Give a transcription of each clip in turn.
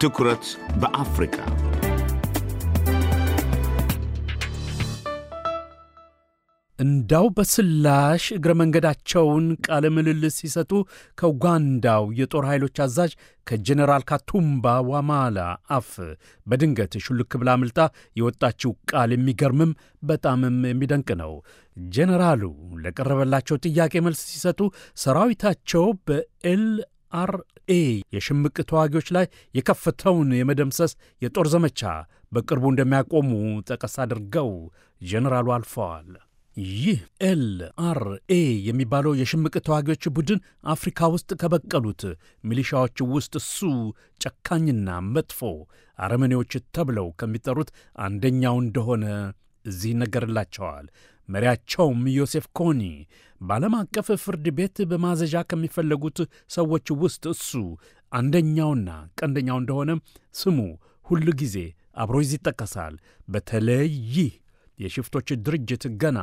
ትኩረት በአፍሪካ እንዳው በስላሽ እግረ መንገዳቸውን ቃለ ምልልስ ሲሰጡ ከኡጋንዳው የጦር ኃይሎች አዛዥ ከጀኔራል ካቱምባ ዋማላ አፍ በድንገት ሹልክ ብላ ምልጣ የወጣችው ቃል የሚገርምም በጣምም የሚደንቅ ነው። ጀኔራሉ ለቀረበላቸው ጥያቄ መልስ ሲሰጡ ሰራዊታቸው በኤል አር ኤ የሽምቅ ተዋጊዎች ላይ የከፈተውን የመደምሰስ የጦር ዘመቻ በቅርቡ እንደሚያቆሙ ጠቀስ አድርገው ጀኔራሉ አልፈዋል። ይህ ኤል አር ኤ የሚባለው የሽምቅ ተዋጊዎች ቡድን አፍሪካ ውስጥ ከበቀሉት ሚሊሻዎች ውስጥ እሱ ጨካኝና መጥፎ አረመኔዎች ተብለው ከሚጠሩት አንደኛው እንደሆነ እዚህ ይነገርላቸዋል። መሪያቸውም ዮሴፍ ኮኒ በዓለም አቀፍ ፍርድ ቤት በማዘዣ ከሚፈለጉት ሰዎች ውስጥ እሱ አንደኛውና ቀንደኛው እንደሆነ ስሙ ሁል ጊዜ አብሮ ይጠቀሳል። በተለይ ይህ የሽፍቶች ድርጅት ገና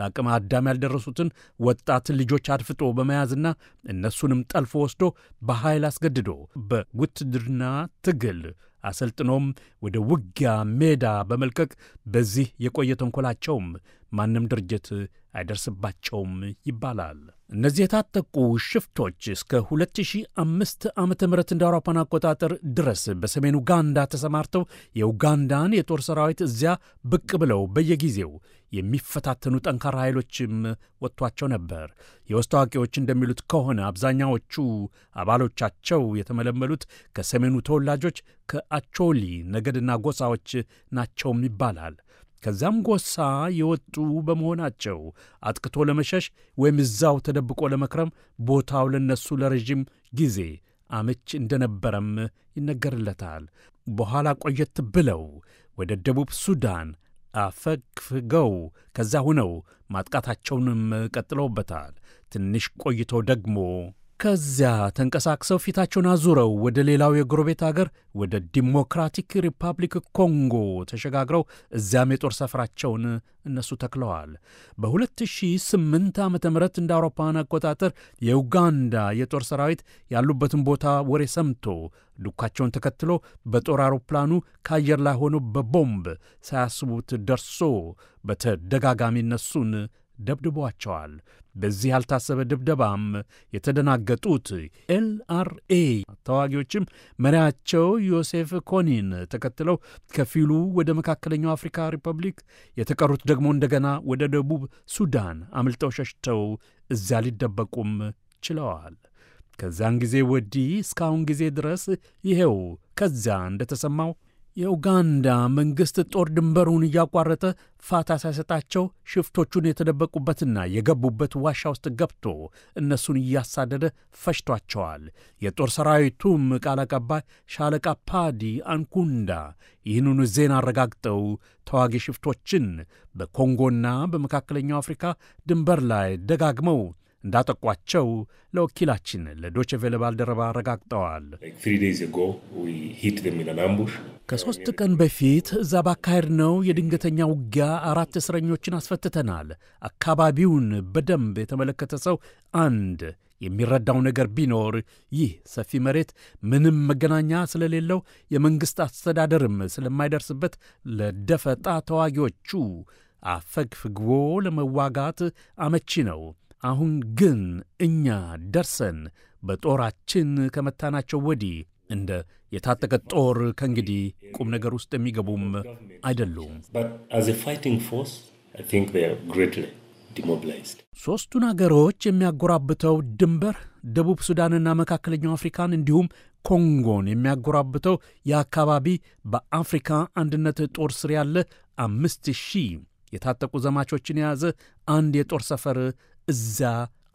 ለአቅመ አዳም ያልደረሱትን ወጣት ልጆች አድፍጦ በመያዝና እነሱንም ጠልፎ ወስዶ በኃይል አስገድዶ በውትድርና ትግል አሰልጥኖም ወደ ውጊያ ሜዳ በመልቀቅ በዚህ የቆየ ተንኮላቸውም ማንም ድርጅት አይደርስባቸውም ይባላል። እነዚህ የታጠቁ ሽፍቶች እስከ 2005 ዓ ም እንደ አውሮፓን አቆጣጠር ድረስ በሰሜን ኡጋንዳ ተሰማርተው የኡጋንዳን የጦር ሰራዊት እዚያ ብቅ ብለው በየጊዜው የሚፈታተኑ ጠንካራ ኃይሎችም ወጥቷቸው ነበር። የውስጥ ታዋቂዎች እንደሚሉት ከሆነ አብዛኛዎቹ አባሎቻቸው የተመለመሉት ከሰሜኑ ተወላጆች ከአቾሊ ነገድና ጎሳዎች ናቸውም ይባላል። ከዚያም ጎሳ የወጡ በመሆናቸው አጥቅቶ ለመሸሽ ወይም እዛው ተደብቆ ለመክረም ቦታው ለነሱ ለረዥም ጊዜ አመች እንደነበረም ይነገርለታል። በኋላ ቆየት ብለው ወደ ደቡብ ሱዳን አፈግፍገው ከዛ ሁነው ማጥቃታቸውንም ቀጥለውበታል። ትንሽ ቆይቶ ደግሞ ከዚያ ተንቀሳቅሰው ፊታቸውን አዙረው ወደ ሌላው የጎረቤት አገር ወደ ዲሞክራቲክ ሪፐብሊክ ኮንጎ ተሸጋግረው እዚያም የጦር ሰፈራቸውን እነሱ ተክለዋል። በ2008 ዓ ም እንደ አውሮፓውያን አቆጣጠር የኡጋንዳ የጦር ሰራዊት ያሉበትን ቦታ ወሬ ሰምቶ ዱካቸውን ተከትሎ በጦር አውሮፕላኑ ከአየር ላይ ሆኖ በቦምብ ሳያስቡት ደርሶ በተደጋጋሚ እነሱን ደብድቧቸዋል። በዚህ ያልታሰበ ድብደባም የተደናገጡት ኤልአርኤ ተዋጊዎችም መሪያቸው ዮሴፍ ኮኒን ተከትለው ከፊሉ ወደ መካከለኛው አፍሪካ ሪፐብሊክ፣ የተቀሩት ደግሞ እንደገና ወደ ደቡብ ሱዳን አምልጠው ሸሽተው እዚያ ሊደበቁም ችለዋል። ከዚያን ጊዜ ወዲህ እስካሁን ጊዜ ድረስ ይሄው ከዚያ እንደተሰማው የኡጋንዳ መንግሥት ጦር ድንበሩን እያቋረጠ ፋታ ሳይሰጣቸው ሽፍቶቹን የተደበቁበትና የገቡበት ዋሻ ውስጥ ገብቶ እነሱን እያሳደደ ፈሽቷቸዋል። የጦር ሠራዊቱም ቃል አቀባይ ሻለቃ ፓዲ አንኩንዳ ይህንኑ ዜና አረጋግጠው ተዋጊ ሽፍቶችን በኮንጎና በመካከለኛው አፍሪካ ድንበር ላይ ደጋግመው እንዳጠቋቸው ለወኪላችን ለዶችቬለ ባልደረባ አረጋግጠዋል። ከሦስት ቀን በፊት እዛ ነው የድንገተኛ ውጊያ አራት እስረኞችን አስፈትተናል። አካባቢውን በደንብ የተመለከተ ሰው አንድ የሚረዳው ነገር ቢኖር ይህ ሰፊ መሬት ምንም መገናኛ ስለሌለው የመንግሥት አስተዳደርም ስለማይደርስበት ለደፈጣ ተዋጊዎቹ አፈግፍግቦ ለመዋጋት አመቺ ነው። አሁን ግን እኛ ደርሰን በጦራችን ከመታናቸው ወዲህ እንደ የታጠቀ ጦር ከእንግዲህ ቁም ነገር ውስጥ የሚገቡም አይደሉም። ሦስቱን አገሮች የሚያጎራብተው ድንበር ደቡብ ሱዳንና መካከለኛው አፍሪካን እንዲሁም ኮንጎን የሚያጎራብተው የአካባቢ በአፍሪካ አንድነት ጦር ስር ያለ አምስት ሺህ የታጠቁ ዘማቾችን የያዘ አንድ የጦር ሰፈር እዛ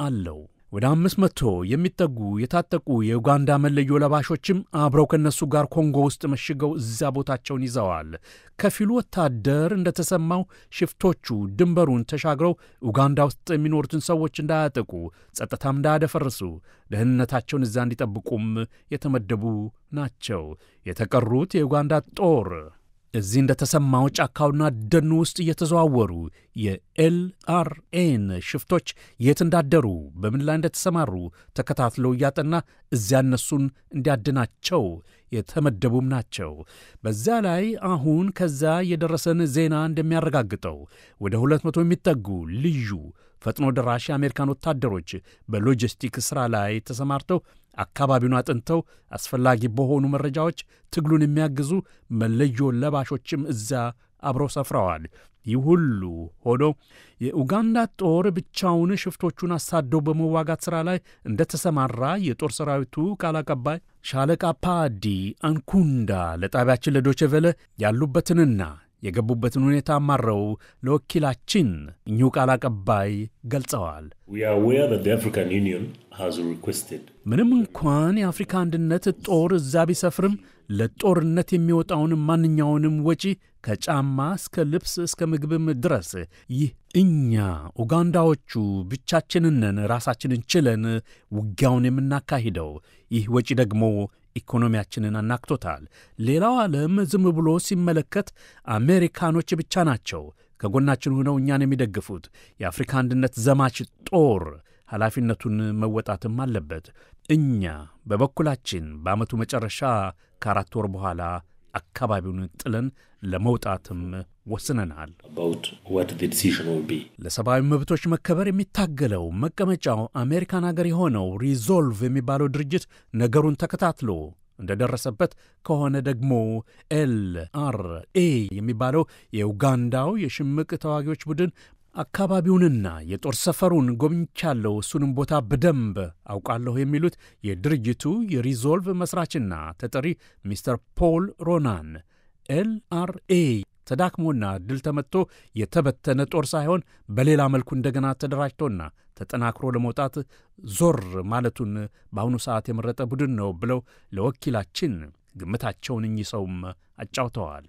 አለው። ወደ አምስት መቶ የሚጠጉ የታጠቁ የኡጋንዳ መለዮ ለባሾችም አብረው ከእነሱ ጋር ኮንጎ ውስጥ መሽገው እዚያ ቦታቸውን ይዘዋል። ከፊሉ ወታደር እንደተሰማው ሽፍቶቹ ድንበሩን ተሻግረው ኡጋንዳ ውስጥ የሚኖሩትን ሰዎች እንዳያጠቁ፣ ጸጥታም እንዳያደፈርሱ፣ ደህንነታቸውን እዚያ እንዲጠብቁም የተመደቡ ናቸው። የተቀሩት የኡጋንዳ ጦር እዚህ እንደተሰማው ጫካውና ደኑ ውስጥ እየተዘዋወሩ የኤልአርኤን ሽፍቶች የት እንዳደሩ፣ በምን ላይ እንደተሰማሩ ተከታትሎ እያጠና እዚያ እነሱን እንዲያድናቸው የተመደቡም ናቸው። በዚያ ላይ አሁን ከዛ የደረሰን ዜና እንደሚያረጋግጠው ወደ ሁለት መቶ የሚጠጉ ልዩ ፈጥኖ ደራሽ የአሜሪካን ወታደሮች በሎጂስቲክ ሥራ ላይ ተሰማርተው አካባቢውን አጥንተው አስፈላጊ በሆኑ መረጃዎች ትግሉን የሚያግዙ መለዮ ለባሾችም እዚያ አብረው ሰፍረዋል። ይህ ሁሉ ሆኖ የኡጋንዳ ጦር ብቻውን ሽፍቶቹን አሳደው በመዋጋት ሥራ ላይ እንደተሰማራ የጦር ሰራዊቱ ቃል አቀባይ ሻለቃ ፓዲ አንኩንዳ ለጣቢያችን ለዶቼ ቬለ ያሉበትንና የገቡበትን ሁኔታ ማረው ለወኪላችን እኚሁ ቃል አቀባይ ገልጸዋል። ምንም እንኳን የአፍሪካ አንድነት ጦር እዛ ቢሰፍርም ለጦርነት የሚወጣውን ማንኛውንም ወጪ ከጫማ እስከ ልብስ እስከ ምግብም ድረስ ይህ እኛ ኡጋንዳዎቹ ብቻችንን ራሳችንን ችለን ውጊያውን የምናካሂደው ይህ ወጪ ደግሞ ኢኮኖሚያችንን አናክቶታል። ሌላው ዓለም ዝም ብሎ ሲመለከት አሜሪካኖች ብቻ ናቸው ከጎናችን ሆነው እኛን የሚደግፉት። የአፍሪካ አንድነት ዘማች ጦር ኃላፊነቱን መወጣትም አለበት። እኛ በበኩላችን በዓመቱ መጨረሻ ከአራት ወር በኋላ አካባቢውን ጥለን ለመውጣትም ወስነናል። ለሰብአዊ መብቶች መከበር የሚታገለው መቀመጫው አሜሪካን አገር የሆነው ሪዞልቭ የሚባለው ድርጅት ነገሩን ተከታትሎ እንደደረሰበት ከሆነ ደግሞ ኤል አር ኤ የሚባለው የኡጋንዳው የሽምቅ ተዋጊዎች ቡድን አካባቢውንና የጦር ሰፈሩን ጎብኝቻለሁ፣ እሱንም ቦታ በደንብ አውቃለሁ የሚሉት የድርጅቱ የሪዞልቭ መስራችና ተጠሪ ሚስተር ፖል ሮናን ኤልአርኤ ተዳክሞና ድል ተመትቶ የተበተነ ጦር ሳይሆን በሌላ መልኩ እንደገና ተደራጅቶና ተጠናክሮ ለመውጣት ዞር ማለቱን በአሁኑ ሰዓት የመረጠ ቡድን ነው ብለው ለወኪላችን ግምታቸውን እኚህ ሰውም አጫውተዋል።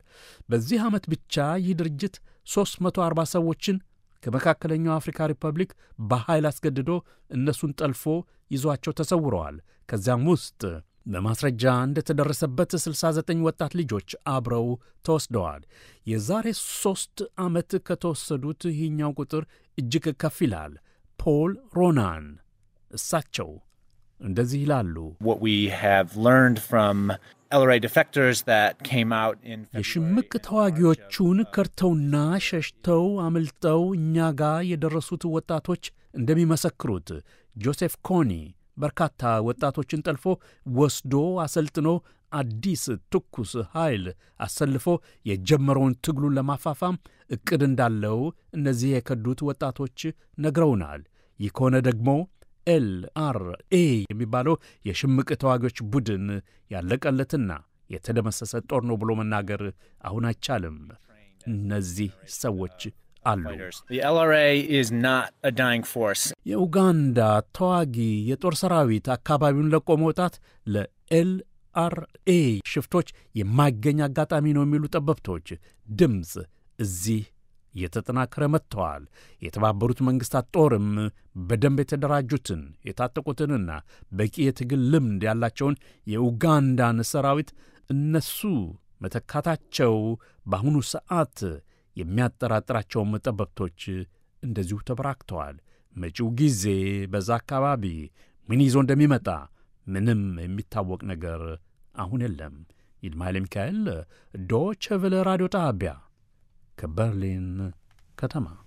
በዚህ ዓመት ብቻ ይህ ድርጅት 340 ሰዎችን ከመካከለኛው አፍሪካ ሪፐብሊክ በኃይል አስገድዶ እነሱን ጠልፎ ይዟቸው ተሰውረዋል። ከዚያም ውስጥ በማስረጃ እንደተደረሰበት 69 ወጣት ልጆች አብረው ተወስደዋል። የዛሬ ሦስት ዓመት ከተወሰዱት ይህኛው ቁጥር እጅግ ከፍ ይላል። ፖል ሮናን እሳቸው እንደዚህ ይላሉ። የሽምቅ ተዋጊዎቹን ከርተውና ሸሽተው አምልጠው እኛ ጋ የደረሱት ወጣቶች እንደሚመሰክሩት ጆሴፍ ኮኒ በርካታ ወጣቶችን ጠልፎ ወስዶ አሰልጥኖ አዲስ ትኩስ ኃይል አሰልፎ የጀመረውን ትግሉን ለማፋፋም እቅድ እንዳለው እነዚህ የከዱት ወጣቶች ነግረውናል። ይህ ከሆነ ደግሞ ኤልአርኤ የሚባለው የሽምቅ ተዋጊዎች ቡድን ያለቀለትና የተደመሰሰ ጦር ነው ብሎ መናገር አሁን አይቻልም። እነዚህ ሰዎች አሉ። የኡጋንዳ ተዋጊ የጦር ሰራዊት አካባቢውን ለቆ መውጣት ለኤልአርኤ ሽፍቶች የማይገኝ አጋጣሚ ነው የሚሉ ጠበብቶች ድምፅ እዚህ እየተጠናከረ መጥተዋል። የተባበሩት መንግሥታት ጦርም በደንብ የተደራጁትን የታጠቁትንና በቂ የትግል ልምድ ያላቸውን የኡጋንዳን ሰራዊት እነሱ መተካታቸው በአሁኑ ሰዓት የሚያጠራጥራቸውን ጠበብቶች እንደዚሁ ተበራክተዋል። መጪው ጊዜ በዛ አካባቢ ምን ይዞ እንደሚመጣ ምንም የሚታወቅ ነገር አሁን የለም። ይልማ ኃይለ ሚካኤል ዶቸ ራዲዮ ጣቢያ Berlin katama.